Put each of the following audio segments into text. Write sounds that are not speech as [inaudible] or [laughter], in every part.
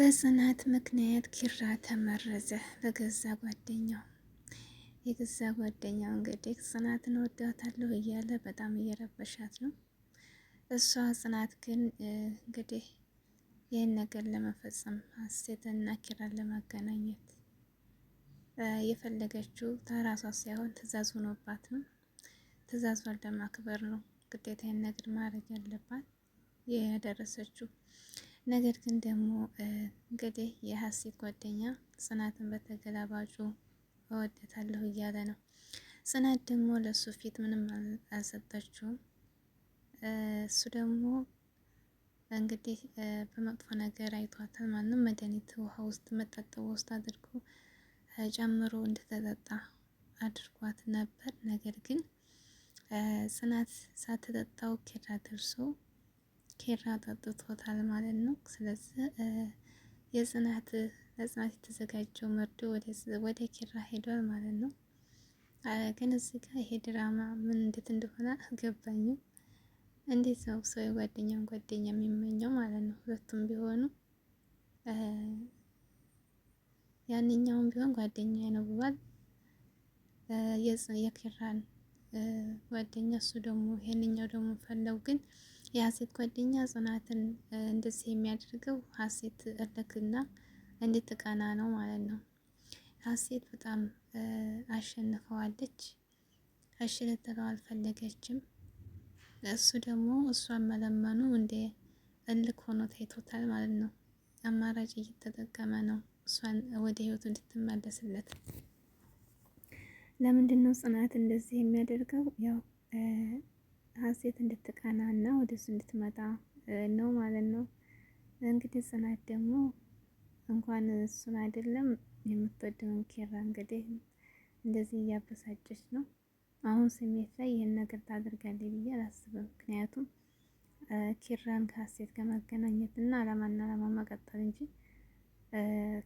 በጽናት ምክንያት ኪራ ተመረዘ በገዛ ጓደኛው። የገዛ ጓደኛው እንግዲህ ጽናትን ወዳታለሁ እያለ በጣም እየረበሻት ነው። እሷ ጽናት ግን እንግዲህ ይህን ነገር ለመፈጸም ሀሴትና ኪራን ለማገናኘት የፈለገችው ተራሷ ሳይሆን ትእዛዝ ሆኖባት ነው። ትዕዛዟን ለማክበር ነው ግዴታ ይህን ነገር ማድረግ ያለባት የደረሰችው ነገር ግን ደግሞ እንግዲህ የሀሴት ጓደኛ ጽናትን በተገላባጩ እወደታለሁ እያለ ነው። ጽናት ደግሞ ለእሱ ፊት ምንም አልሰጠችውም። እሱ ደግሞ እንግዲህ በመጥፎ ነገር አይቷታል። ማንም መድኃኒት ውሃ ውስጥ መታጠብ ውስጥ አድርጎ ጨምሮ እንደተጠጣ አድርጓት ነበር። ነገር ግን ጽናት ሳትጠጣው ኬራ ደርሶ ኬራ ጠጥቶታል ማለት ነው። ስለዚህ የጽናት ለጽናት የተዘጋጀው መርዶ ወደ ኬራ ሄዷል ማለት ነው። ግን እዚህ ጋር ይሄ ድራማ ምን እንዴት እንደሆነ አልገባኝም። እንዴት ነው ሰው የጓደኛን ጓደኛ የሚመኘው ማለት ነው? ሁለቱም ቢሆኑ ያንኛውም ቢሆን ጓደኛ ነው ብሏል የኪራን ጓደኛ እሱ ደግሞ ይሄንኛው ደግሞ ፈለው ግን የሀሴት ጓደኛ ጽናትን እንደዚህ የሚያደርገው ሀሴት እልክና እንድትቀና ነው ማለት ነው። ሀሴት በጣም አሸንፈዋለች። እሺ ልትለው አልፈለገችም። እሱ ደግሞ እሷን መለመኑ እንደ እልክ ሆኖ ታይቶታል ማለት ነው። አማራጭ እየተጠቀመ ነው እሷን ወደ ህይወቱ እንድትመለስለት። ለምንድን ነው ጽናት እንደዚህ የሚያደርገው ያው ሀሴት እንድትቀና እና ወደሱ እንድትመጣ ነው ማለት ነው። እንግዲህ ጽናት ደግሞ እንኳን እሱን አይደለም የምትወደውን ኬራ እንግዲህ እንደዚህ እያበሳጨች ነው። አሁን ስሜት ላይ ይህን ነገር ታደርጋለች ብዬ አላስብም። ምክንያቱም ኪራን ከሀሴት ጋር ማገናኘት እና አላማና አላማ መቀጠል እንጂ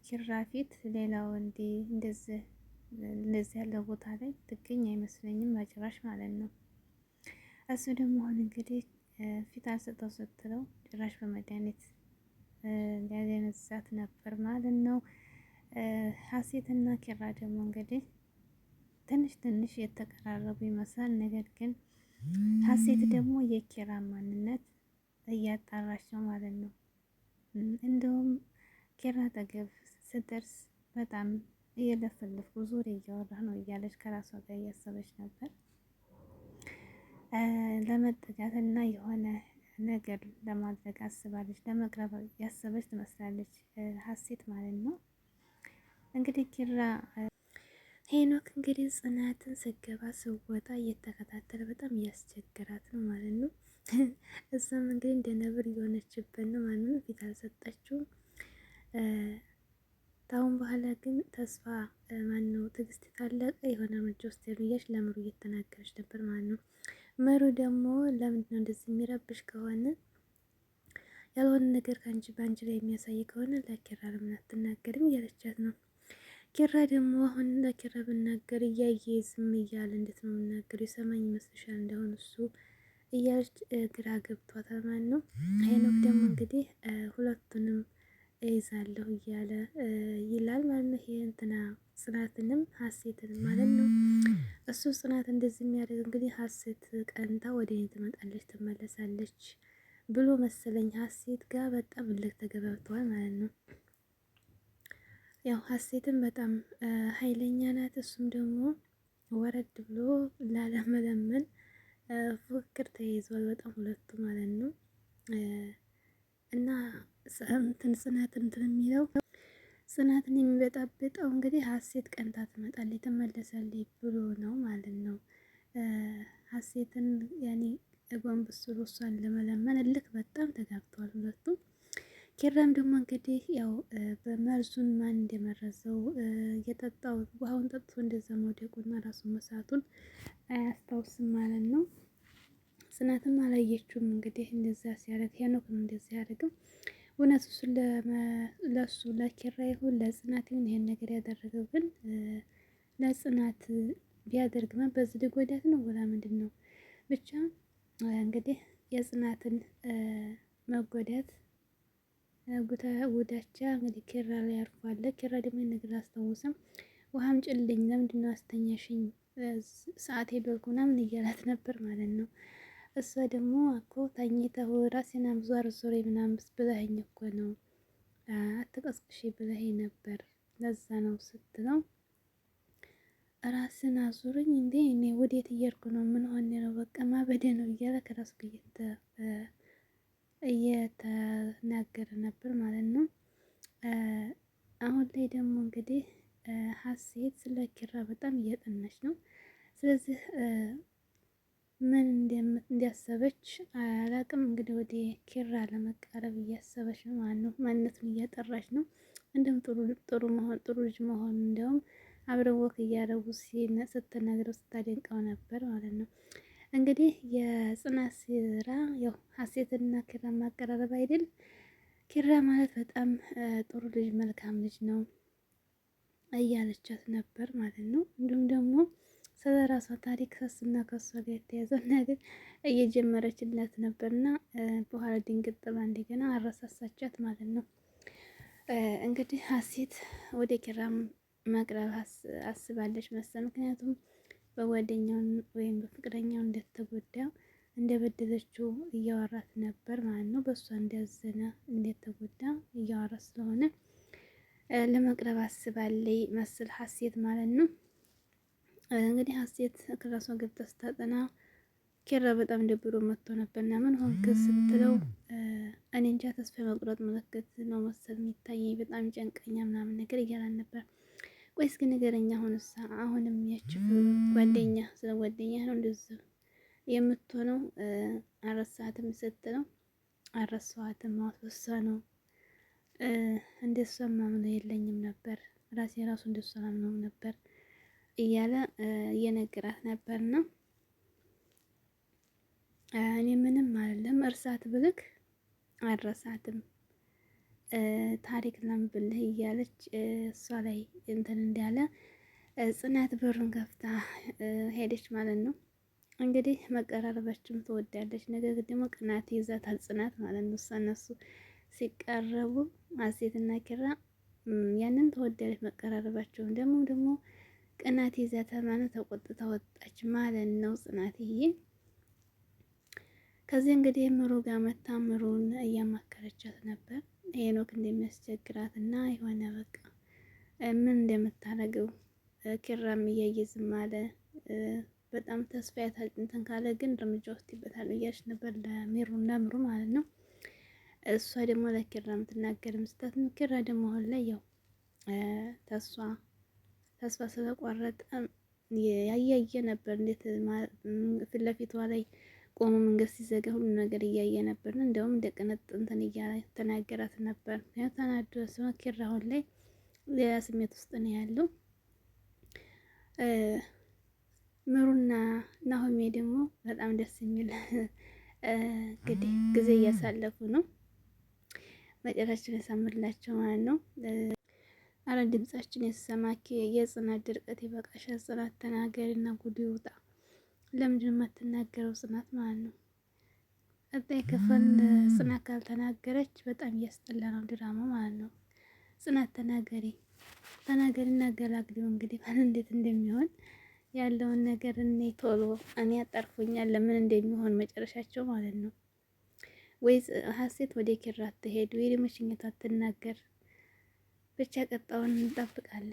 ኪራ ፊት ሌላው እንደዚህ እንደዚህ ያለው ቦታ ላይ ትገኝ አይመስለኝም በጭራሽ ማለት ነው። እሱ ደግሞ አሁን እንግዲህ ፊት አልሰጠው ስትለው ጭራሽ በመድኃኒት ሊያደነዝዛት ነበር ማለት ነው። ሀሴትና ኪራ ደግሞ እንግዲህ ትንሽ ትንሽ የተቀራረቡ ይመስላል። ነገር ግን ሀሴት ደግሞ የኪራ ማንነት እያጣራች ነው ማለት ነው። እንደውም ኪራ አጠገብ ስደርስ በጣም እየለፈለፍኩ ዙር እያወራህ ነው እያለች ከራሷ ጋር እያሰበች ነበር። ለመጠጋት እና የሆነ ነገር ለማድረግ አስባለች፣ ለመቅረብ ያሰበች ትመስላለች ሀሴት ማለት ነው። እንግዲህ ኪራ ሄኖክ እንግዲህ ጽናትን ስገባ ስወጣ እየተከታተለ በጣም እያስቸገራት ነው ማለት ነው። [laughs] እሷም እንግዲህ እንደ ነብር እየሆነችበት ነው ማለት ነው። ፊት አልሰጠችውም። ታሁን በኋላ ግን ተስፋ ማን ነው ትዕግስት ካለቀ የሆነ እርምጃ ውስጥ ብያች ለምሩ እየተናገረች ነበር ማለት ነው። መሩ ደግሞ ለምንድነው እንደዚህ የሚረብሽ ከሆነ ያልሆነ ነገር ከአንቺ በአንቺ ላይ የሚያሳይ ከሆነ ለኪራ ለምን አትናገርም እያለቻት ነው። ኪራ ደግሞ አሁን ለኪራ ብናገር እያየ ዝም እያለ እንዴት ነው የምናገር የሰማኝ ይመስልሻል እንደሆነ እሱ እያለች ግራ ገብቷታል ማለት ነው። ሄኖክ ደግሞ እንግዲህ ሁለቱንም እይዛለሁ እያለ ይላል ማለት ነው። ይሄ እንትና ጽናትንም ሀሴትንም ማለት ነው። እሱ ጽናት እንደዚህ የሚያደርግ እንግዲህ ሀሴት ቀንታ ወደ እኔ ትመጣለች ትመለሳለች ብሎ መሰለኝ ሀሴት ጋር በጣም እልክ ተገባብተዋል ማለት ነው። ያው ሀሴትም በጣም ኃይለኛ ናት። እሱም ደግሞ ወረድ ብሎ ላለመለመን ፉክክር ተይዟል በጣም ሁለቱ ማለት ነው እና ጽናት እንትን የሚለው ጽናትን የሚበጣበጠው እንግዲህ ሀሴት ቀንታ ትመጣለች ትመለሳለች ብሎ ነው ማለት ነው። ሀሴትን ያኔ ጎንበስ እሷን ለመለመን እልክ በጣም ተጋብተዋል ሁለቱም። ኪራም ደግሞ እንግዲህ ያው በመርዙን ማን እንደመረዘው የጠጣው ውሃውን ጠጥቶ እንደዛ መውደቁና ራሱ መሳቱን አያስታውስም ማለት ነው። ጽናትም አላየችውም እንግዲህ እንደዛ ሲያደርግ ሄኖክም እንደዛ ያደርግም እውነት እሱን ለሱ ለኪራ ይሁን ለጽናት ይሁን ይሄን ነገር ያደረገው ግን ለጽናት ቢያደርግ ማ በዚህ ሊጎዳት ነው ወላ ምንድን ነው? ብቻ እንግዲህ የጽናትን መጎዳት ጉታ ጉዳቻ እንግዲህ ኪራ ላይ አርፏል። ኪራ ደግሞ ነገር አስታውስም ውሃም ጭልኝ ለምንድን ነው አስተኛሽኝ? ሰዓት ሄዶልኩ ምናምን እያላት ነበር ማለት ነው። እሷ ደግሞ እኮ ተኝተህ ራሴን አዞር ዞሬ ምናምን ብለኸኝ እኮ ነው አትቀስቅሽ ብለኸኝ ነበር ለዛ ነው ስትለው ራስን አዙርኝ እንዴ እኔ ወዴት እየሄድኩ ነው? ምን ሆነ ነው? በቃ ማበደ ነው እያለ ከራሱ እየተናገረ ነበር ማለት ነው። አሁን ላይ ደግሞ እንግዲህ ሀሴት ስለ ኪራ በጣም እያጠናች ነው። ስለዚህ ምን እንዲያሰበች አላቅም። እንግዲህ ወደ ኪራ ለመቃረብ እያሰበች ነው ማለት ነው። ማንነቱን እያጠራች ነው። እንዲሁም ጥሩ መሆን ጥሩ ልጅ መሆን እንዲያውም አብረው ወክ እያደረጉ ስትነግረው ስታደንቀው ነበር ማለት ነው። እንግዲህ የጽናት ስራ ያው ሀሴትና ኪራ ማቀራረብ አይደል? ኪራ ማለት በጣም ጥሩ ልጅ መልካም ልጅ ነው እያለቻት ነበር ማለት ነው። እንዲሁም ደግሞ ስለ ራሷ ታሪክ ከሱና ከሷ ጋር የተያዘው ነገር እየጀመረችላት ነበርና በኋላ ድንግጥ ብላ እንደገና አረሳሳቻት ማለት ነው። እንግዲህ ሀሴት ወደ ኪራም መቅረብ አስባለች መሰል። ምክንያቱም በጓደኛው ወይም በፍቅረኛው እንደተጎዳ እንደበደለችው እያወራት ነበር ማለት ነው። በእሷ እንዳዘነ እንደተጎዳ እያወራት ስለሆነ ለመቅረብ አስባለይ መስል ሀሴት ማለት ነው። እንግዲህ ሀሴት ክላሷ ገብታ ስታጠና ኬራ በጣም ደብሮ መጥቶ ነበር። ነበርና ምን ሆንክ ስትለው እኔ እንጃ ተስፋ መቁረጥ ምልክት ነው መሰል የሚታይ በጣም ጨንቀኛ ምናምን ነገር እያላን ነበር። ቆይስ ግን አሁን አሁንስ አሁንም ያችው ጓደኛ ስለ ጓደኛ ነው እንደዚህ የምትሆነው አረሳትም ስትለው አረሳዋትም አትወሳ ነው እንደሷ ማምነው የለኝም ነበር ራሴ ራሱ እንደሷ ማምነው ነበር እያለ እየነገራት ነበርና እኔ ምንም አይደለም እርሳት ብልክ አልረሳትም ታሪክ ለምብልህ እያለች እሷ ላይ እንትን እንዳለ ጽናት በሩን ከፍታ ሄደች ማለት ነው። እንግዲህ መቀራረባችሁም ትወዳለች። ነገር ግን ደግሞ ቅናት ይዛታል ጽናት ማለት ነው። እሷ እነሱ ሲቀረቡ አሴትና ኪራ ያንን ትወዳለች። መቀራረባቸውም ደግሞ ደግሞ ቅናት እዛ ተማኑ ተቆጥታ ወጣች ማለት ነው ጽናትዬ። ከዚህ እንግዲህ ምሩ ጋር መታ ምሩን እያማከረቻት ነበር ሄኖክ እንደሚያስቸግራት እና የሆነ በቃ ምን እንደምታደርገው ኪራም እያየ ዝም አለ። በጣም ተስፋ ያታጭንተን ካለ ግን እርምጃ ውስጥ ይበታል እያለች ነበር ለሚሩ እና ምሩ ማለት ነው። እሷ ደግሞ ለኪራ የምትናገር ምስታት ኪራ ደግሞ አሁን ላይ ያው ተስፋ ተስፋ ስለቆረጠ ያያየ ነበር። እንዴት ፊት ለፊቷ ላይ ቆሞ መንገድ ሲዘጋ ሁሉ ነገር እያየ ነበር። እንደውም እንደ ቅንጥ እንትን እያተናገራት ነበር። ምክንያቱ ተናዶ ሲሆን ኪራ አሁን ላይ ሌላ ስሜት ውስጥ ነው ያለው። ምሩና ናሆሜ ደግሞ በጣም ደስ የሚል እንግዲህ ጊዜ እያሳለፉ ነው። መጨረሻችን ያሳምርላቸው ማለት ነው። አረ ድምጻችን የሰማኪ የጽናት ድርቀት ይበቃሻል። ጽናት ተናገሪ እና ጉድ ይውጣ። ለምንድን የማትናገረው ጽናት ማለት ነው? ቀጣይ ክፍል ጽናት ካልተናገረች በጣም እያስጠላ ነው ድራማ ማለት ነው። ጽናት ተናገሪ ተናገሪ እና እንግዲህ ማን እንዴት እንደሚሆን ያለውን ነገር እኔ ቶሎ እኔ አጠርፎኛል ለምን እንደሚሆን መጨረሻቸው ማለት ነው። ወይ ሀሴት ወደ ኪራ አትሄድ ወይ ደግሞ ሽኝታ አትናገር ብቻ ቀጣውን እንጠብቃለን።